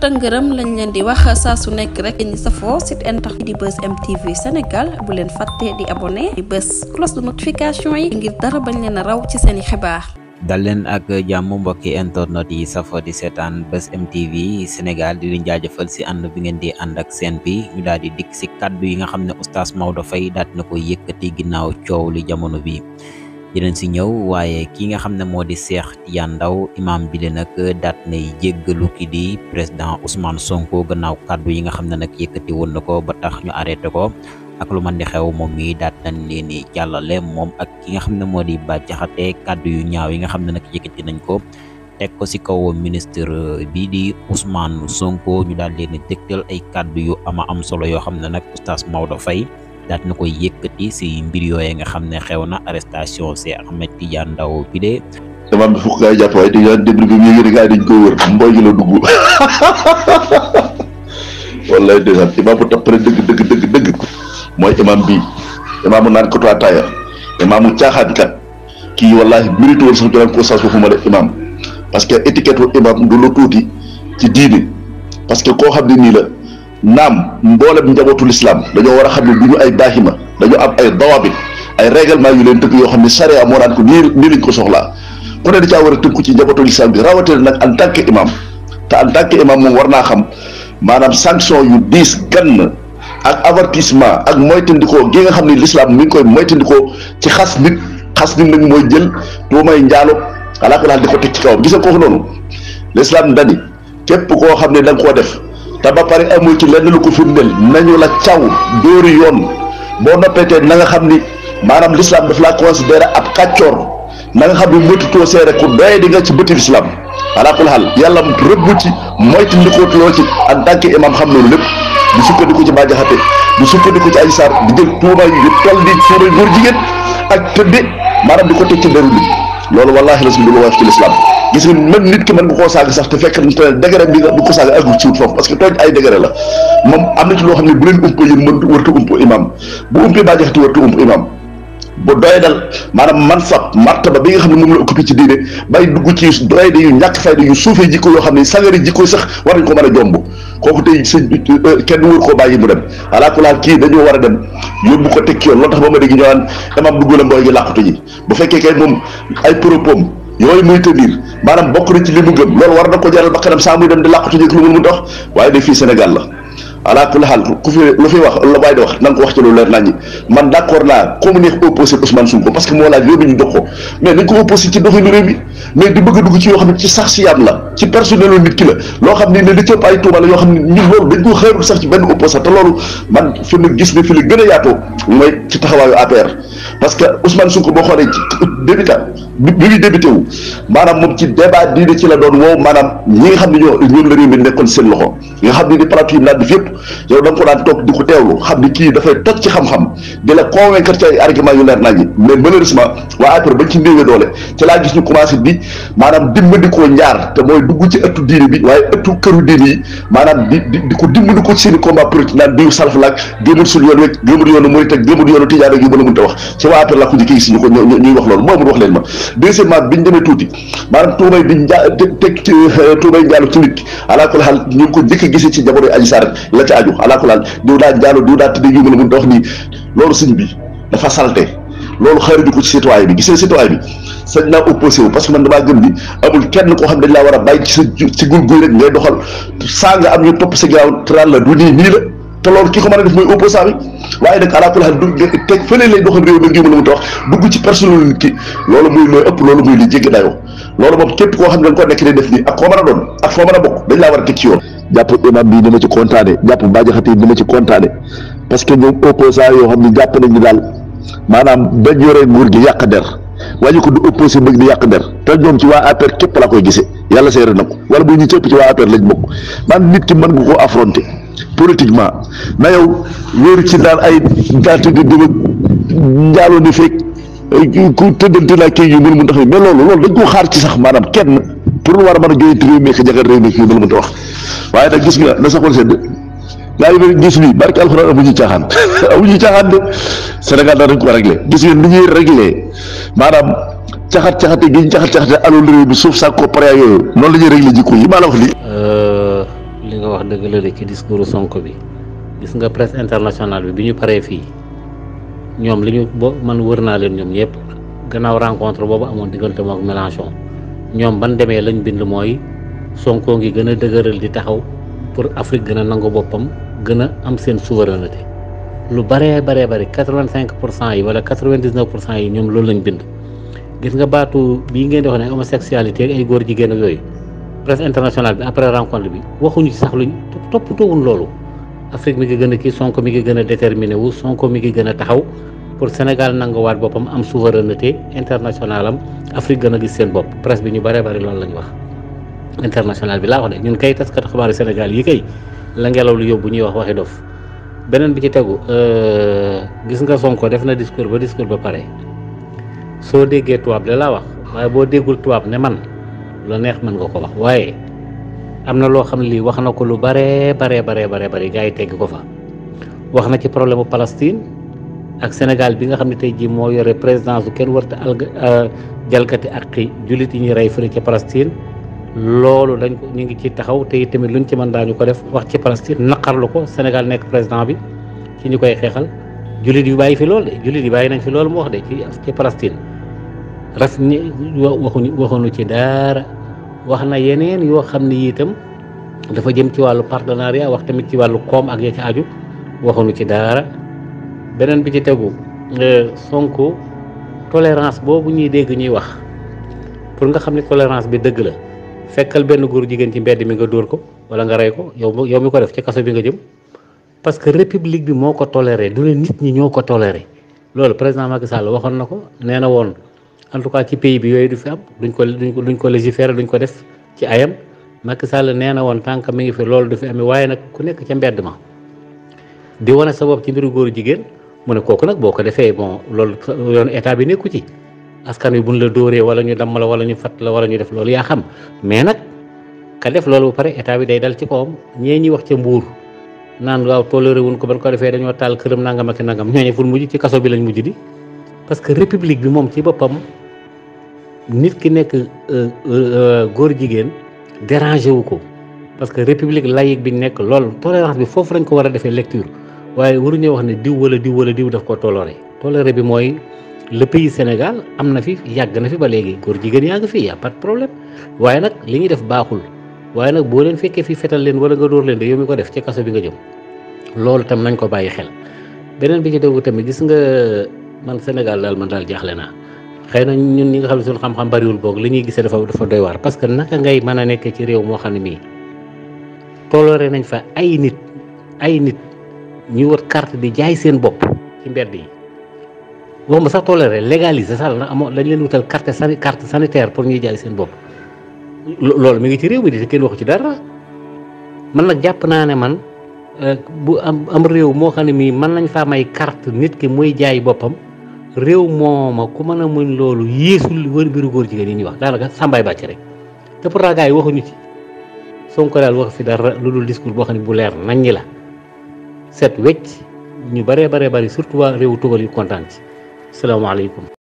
tëngërëm lañ leen di wax saa su nekk rek ñu safoo site internet di Sénégal bu leen fàtte di abonné di bës cloche de yi ngir dara bañ leen a raw ci seen i xibaar. dal leen ak jàmm mbokki internet yi safoo di seetaan bës MTV Sénégal di leen jaajëfal si ànd bi ngeen di ànd ak seen bi ñu daal di dikk si kàddu yi nga xam ne oustaz Maodo Faye daat na ko yëkkati ginnaaw coow li jamono bi. dinañ si ñëw waaye ki nga xam ne moo di Cheikh Tidiane ndaw imam bi le nag daat nay jéggalu lukki di président Ousmane Sonko gannaaw kàddu yi nga xam ne nag yëkkati woon na ko ba tax ñu arrêté ko ak lu man di xew moom mi daat nañ leen di jàllale moom ak ki nga xam ne moo di Bah Diakhaté kàddu yu ñaaw yi nga xam ne nag yëkkati nañ ko teg ko ci kawoon ministre bi di Ousmane Sonko ñu daal leen di dégtal ay kàddu yu ama am solo yoo xam ne nag oustaz Maodo Faye daat na koy yëkkati si mbir yooye nga xam ne xew na arrestation si Ahmed Tidiane Ndao bi de dama am fukk gaay jàpp waaye Tidiane bi mu yëgee ne gaay dañ koy wër mbooy gi la dugg wallaay dèjà imaam bu tappale dëgg dëgg dëgg dëgg mooy imaam bii naan katu ataaya imaamu caaxaankat kii wallaahi mérite woon sax jolaan ko saas foofu ma de imaam parce que étiquette wu imaam du lu tuuti ci diine parce que koo xam ne nii la naam mboolem njabootu lislaam dañoo war a xam ne du ñu ay baahima dañu am ay dawaabit ay règlement yu leen tëgg yoo xam ne sariya moo naan ko nii nii lañ ko soxla ku ne da caa war a tënku ci njabootu lislaam bi rawatina nag en tant que imam te en tant que imam moom war naa xam maanaam sanction yu diis gann ak avertissement ak moytandikoo gi nga xam ne lislaam mi ngi koy ci xas nit xas nit nag mooy jël tuumay njaalo alaaka daal di ko teg ci kawam gis nga kooku noonu lislaam dani képp koo xam ne da nga koo def. te ba pare amul ci lenn lu ko firndeel nañu la caw dóori yoon boo noppeetee na nga xam ni maanaam lislaam daf laa considéré ab kàccoor na nga xam ni moytutoo seere ku doye di nga ci bëti islam alaakul xaal yàlla rëbb ci moytu ndikootuloo ci en tant que imam xam loolu lépp du sukkandiku ci bàjaxate du sukkandiku ci ay saar di jël tuuma yu toll di tuuma góor jigéen ak tëdde maanaam di ko teg ci deru bi loolu wallaahi la si du lu woyof ci l'islam gis nga man nit ki mën nga koo saaga sax te fekk na degré bi nga ko saaga agul siwut foofu parce que tooñ ay degré la moom am na ci loo xam ne bu leen ump yéen mën wartu ump imam bu umpee baa jaxati wartu ump imam bu doy bi nga xam ne moom la occupé ci diine bay dugg ci doy yu ñàkk fayda yu suufee jikko yoo xam ne sangari jikko sax war nañ ko mën a jomb kooku tey sëñ euh, kenn wër koo bàyyi mu dem alaakulaal kii dañoo war a dem yóbbu ko teg ci yoon loolu tax ba ma dégg ñoo naan imam dugg la mbooy gi làqutu ji bu fekkee kay moom ay propos yooyu muy tenir maanaam bokk na ci li mu gëm loolu war na ko jaral ba kanam saa muy dem di làqatu njëkk lu mu dox waaye de fii Sénégal la ala kul hal ku fi lu fi wax lu bay do wax nang ko wax ci lu leer nañ man d'accord la ko mu opposé Ousmane Sonko parce que mo la yobi ñu doxo mais ni ko opposé ci doxi lu mi mais di bëgg dugg ci yo xamni ci sax ci yam la ci personnel nit ki la lo xamni ne li ci ay touba la yo xamni nit lool dañ ko xéru sax ci ben opposé te lool man fi mu gis ni fi li gëna yaato moy ci taxawayu APR parce que Ousmane Sonko bo xoré ci débuta bi ñu débuté wu manam mom ci débat di ci la doon wo manam ñi nga xamni ñoo ñu la nekkon seen loxo nga xamni di plateau yi la def yépp yow da nga ko daan tok di ko teewlu xam ni kii dafay toj ci xam-xam di la convaincre ci argument yu leer nañu mais malheureusement wa APR ba ci ndewé dole ci la gis ñu commencé di maanaam dimbandikoo ñaar te moy duggu ci ëttu diini bi waye ëttu këru diini manam maanaam di di di ko ci seen combat politique naan diw salaf laag gëmul sul yoon weeg gëmul yoonu moy tek gëmul yoonu tijaan ak yu mën a mënta wax ci wa APR la ko njëkkee ci ñu ko ñuy wax loolu moomul wax leen ma deuxièmement biñu démé touti manam toubay di tek teg tuumay njaalu ci nit ala alaakul hal ñu ko njëkk gisee ci jamono aji saar la ca aju alaa kulaa diw daa jaalo diw daa tëddee dox nii loolu sëñ bi dafa salte loolu xaaraju ko ci citoyen bi sañ naa opposé parce que man damaa gëm ni amul kenn koo xam dañ laa war a bàyyi ci sa ci gul guy rek a def mooy opposant lay doxal réew nag yu mën a mun wax dugg ci personnel ki loolu muy looy ëpp loolu muy li jéggi dayoo loolu moom képp koo xam ne ko nekk di def nii ak koo mën a doon ak foo mën a bokk dañ laa war a teg ci yoon jàpp imam bi ni ma ci kontaane jàpp baajaxati ni ma ci kontaane parce que ñoom opposant yoo xam ne jàpp nañ ni daal maanaam bañ yore nguur gi yàq der wàññi ko du opposé bëgg di yàq der te ñoom ci waa APR képp laa koy gisee yàlla seere na ko wala bu ñu cëpp ci waa APR lañ bokk man nit ki mën nga koo affronter politiquement na yow wéeru ci daan ay gàtt di déglu njaaloo ni fekk ku tëddante naa kii yu mën mu tax mais loolu loolu dañ koo xaar ci sax maanaam kenn. pour war a mën a mi ak jagal mi kii ma la wax waaye nag gis nga na sa sedd gaa yi bëri gis bi barke alxuraan amuñu caaxaan amuñu caaxaan de Sénégal daanañ ko réglé gis ngeen ni ñuy réglé maanaam caxat gi ñu caxat caxate alal réew mi suuf ko pare yooyu noonu la ñuy jikko yi euh, li nga wax la ci discours Sonko bi gis nga presse internationale bi man leen rencontre Mélenchon ñoom ban demee lañ bind mooy Sonko ngi gën a dëgëral di taxaw pour Afrique gën a nangu boppam gën a am seen souveraineté lu baree bare bari quatre-vingt-cinq pour cent yi wala quatre vingt dix pour cent yi ñoom loolu lañu bind gis nga baatu bii ngeen di wax ne homosexualité ak ay góor jigéen ak yooyu presse internationale bi après rencontre bi waxuñu ci sax luñ toppatoowuñ loolu Afrique mi ngi gën a kii Sonko mi ngi gën a déterminé wu Sonko mi ngi gën a taxaw pour Sénégal nanguwaat boppam am souveraineté am Afrique gën a gis seen bopp presse bi ñu bare bëri loolu la ñu wax. international bi laa wax de ñun kay kat xabaaru Sénégal yi kay la ngelaw lu yóbbu ñuy wax waxi dof beneen bi ci tegu euh, gis nga Sonko def na discours ba discours ba pare soo déggee tubaab la laa wax waaye boo déggul tubaab ne man Lo neex man nga ko wax waaye am na loo xam ne lii ko lu bare bare bare bare bare gaa yi tegg ko fa wax na ci problème Palestine. ak Sénégal bi nga xam ne tey jii moo yore présidence bu kenn warta alga euh, jalkati ak jullit yi ñuy rey fële ci palastine loolu dañ ko ñu ngi ci taxaw te tamit luñ ci mën ñu ko def wax ci Palestine naqarlu ko Sénégal nekk président bi ci ñu koy xeexal jullit yu bàyyi fi lool de jullit yi bàyyi nañ fi loolu mu wax de ci ci Palestine raf ñi waxuñu waxuñu ci dara wax na yeneen yoo xam ne itam dafa jëm ci wàllu partenariat wax tamit ci wàllu koom ak ya ci aju waxuñu ci dara beneen bi ci tegu euh, Sonko tolérance boobu ñuy dégg ñuy wax pour nga xam ne tolérance bi dëgg la fekkal benn góor jigéen ci mbedd mi nga dóor ko wala nga rey ko yow yow mi ko def ci kaso bi nga jëm parce que république bi moo ko toléré du ne nit ñi ñoo ko toléré loolu président Macky Sall waxoon na ko nee na woon en tout cas ci pays bi yooyu du fi am duñ ko duñ ko duñ ko légiférer duñ ko def ci ayam Macky Sall nee na woon tànk mi ngi fi loolu du fi amee waaye nag ku nekk ca mbedd ma di wane sa bopp ci mbiru góor jigéen. mu ne kooku nag boo ko defee bon loolu yoon état bi nekku ci askan wi buñ la dóoree wala ñu damm la wala ñu fat la wala ñu def loolu yaa xam mais nag ka def loolu bu pare état bi day dal ci kawam ñee ñuy wax ca mbuur naan waaw toléré wuñ ko ban ko defee dañoo taal këram nangam ak nangam ñooñu fu mujj ci kaso bi lañ mujj di parce que république bi moom ci boppam ki nekk euh, euh, góor jigéen dérangé wu ko parce que république laïque bi nekk loolu tolérance bi foofu lañ ko war a defee lecture waaye waruñoo wax ne diw wala diw wala diw daf ko tolloore tolloore bi mooy le pays am na fi yàgg na fi ba léegi góor jigéen yaa ngi fi y' a pas de problème waaye nag li ñuy def baaxul waaye nag boo leen fekkee fi fetal leen wala nga dóor leen de yow mi ko def ci kaso bi nga jëm loolu tam nañ beneen bi ci dégg tamit gis nga man Sénégal daal man daal jaaxle naa xëy na ñun ñi nga xam ne suñu xam-xam bariwul boog li ñuy gisee dafa dafa doy que naka ngay mën a nekkee ci réew moo xam ne mii tolloore nañ fa ay nit ay nit. ñuy wër carte di jaay seen bopp ci mbedd yi waxuma sax toléré légaliser sax na amoon dañ leen wutal carte sani carte sanitaire pour ñuy jaay seen bopp loolu mu ngi ci réew mi di kenn waxu ci dara man nag jàpp naa ne man euh, bu am am réew moo xam ne mii mën nañ faa may carte nit ki muy jaay boppam réew mooma ku mën a muñ loolu yéesul wër biiru góor jigéen yi ñuy wax daanaka sàmbaay bàcc rek te pourtant gars yi waxuñu ci Sonko daal wax fi dara lu dul discours boo xam ne bu leer nañ ñi la set wecc ñu bëree baree bëri surtout waa réewu tugal yu kontaan ci salaamaaleykum